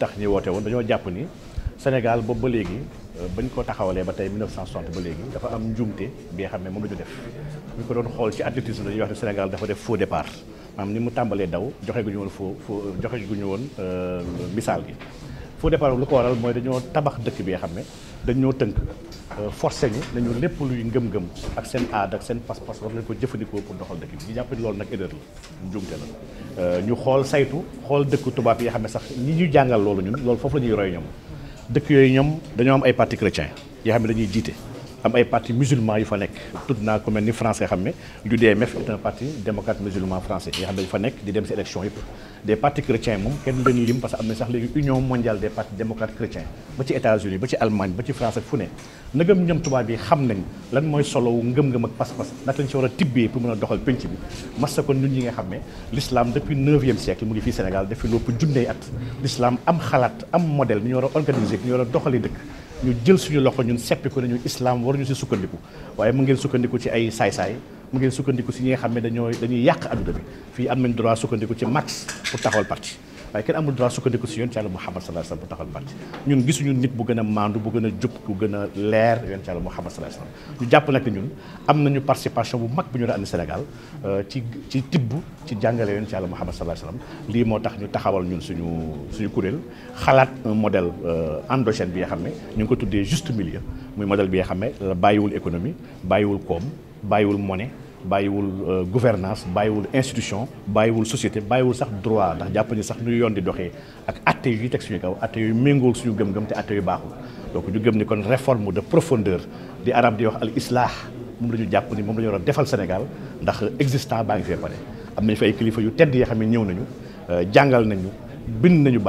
tax ñi woote woon dañoo jàpp ni Sénégal boobu ba léegi ba euh, bañ ko taxawalee ba tey 1960 ba léegi dafa am njuumte bi nga xam ne moom la ñu def bu ñu ko doon xool ci athlétisme dañuy wax ne Sénégal dafa def faux départ am ni mu tàmbalee daw joxe gu ñu woon faux faux joxe gu ñu woon euh, misaal gi faux départ lu ko waral mooy dañoo tabax dëkk bi nga xam ne dañoo tënk Euh, forcé ñu nañu lépp luy ngëm-ngëm ak seen aada ak seen pas-pas war nañ ko jëfandikoo pour doxal dëkk bi ñu jàpp ni loolu nag erreur la njuumte la euh, ñu xool saytu xool dëkk tubaab yi xam ne sax ñi ñu jàngal loolu ñun lool foofu la ñuy roy ñoom dëkk yooyu ñoom dañoo am ay parti chrétien yaa xam ne dañuy jiite am ay parti musulman yu fa nekk tudd naa ko mel ni français xam ne l'UDMF est un parti démocrate musulman français yi xam ne dañu fa nekk di dem si élection yëpp des partis chrétiens moom kenn leen lim parce que am na sax léegi union mondiale des partis démocrates chrétiens ba ci États-Unis ba ci Allemagne ba ci France ak fu ne nagam ñoom tubaab yi xam nañ lan mooy solo ngëm-ngëm ak pas-pas naka lañ si war a tibbee pour mën a doxal penc bi massa kon ñun am xalaat am ñu jël suñu loxo ñun seppi nañu islaam ñun islam waruñu si sukkandiku waaye mu ngeen sukkandiku ci ay saay-saay mu ngeen sukkandiku si ñi nga xam ne dañoo dañuy yàq adduna bi fii am nañ droit sukkandiku ci Marx pour taxawal parti waaye kenn amul droit sukkandiku si yonent yàlla Muhammad sallallahu alayhi wasallam bu taxal parti ñun gisuñu nit bu gën a maandu bu gën a jub bu gën a leer yonent yàlla Muhammad sallallahu alayhi wasallam ñu jàpp nag ñun am nañu participation bu mag bu ñu la andi Sénégal euh, ci ci tibb ci jàngale yonent yàlla Muhammad sallallahu alayhi wasallam lii moo tax ñu taxawal ñun suñu suñu kuréel xalaat un modèle euh, endogène bi nga xam ne ñu ngi ko tuddee juste milieu muy modèle bi nga xam ne bàyyiwul économie bàyyiwul koom bàyyiwul monnaie une euh, gouvernance une institution une société bayiwul sax droit ndax japp ni sax yoon di doxé ak des suñu kaw suñu donc ni kon réforme de profondeur des arab di wax al islah nous lañu japp ni mom lañu Sénégal ndax existant yu tedd nañu euh, nañu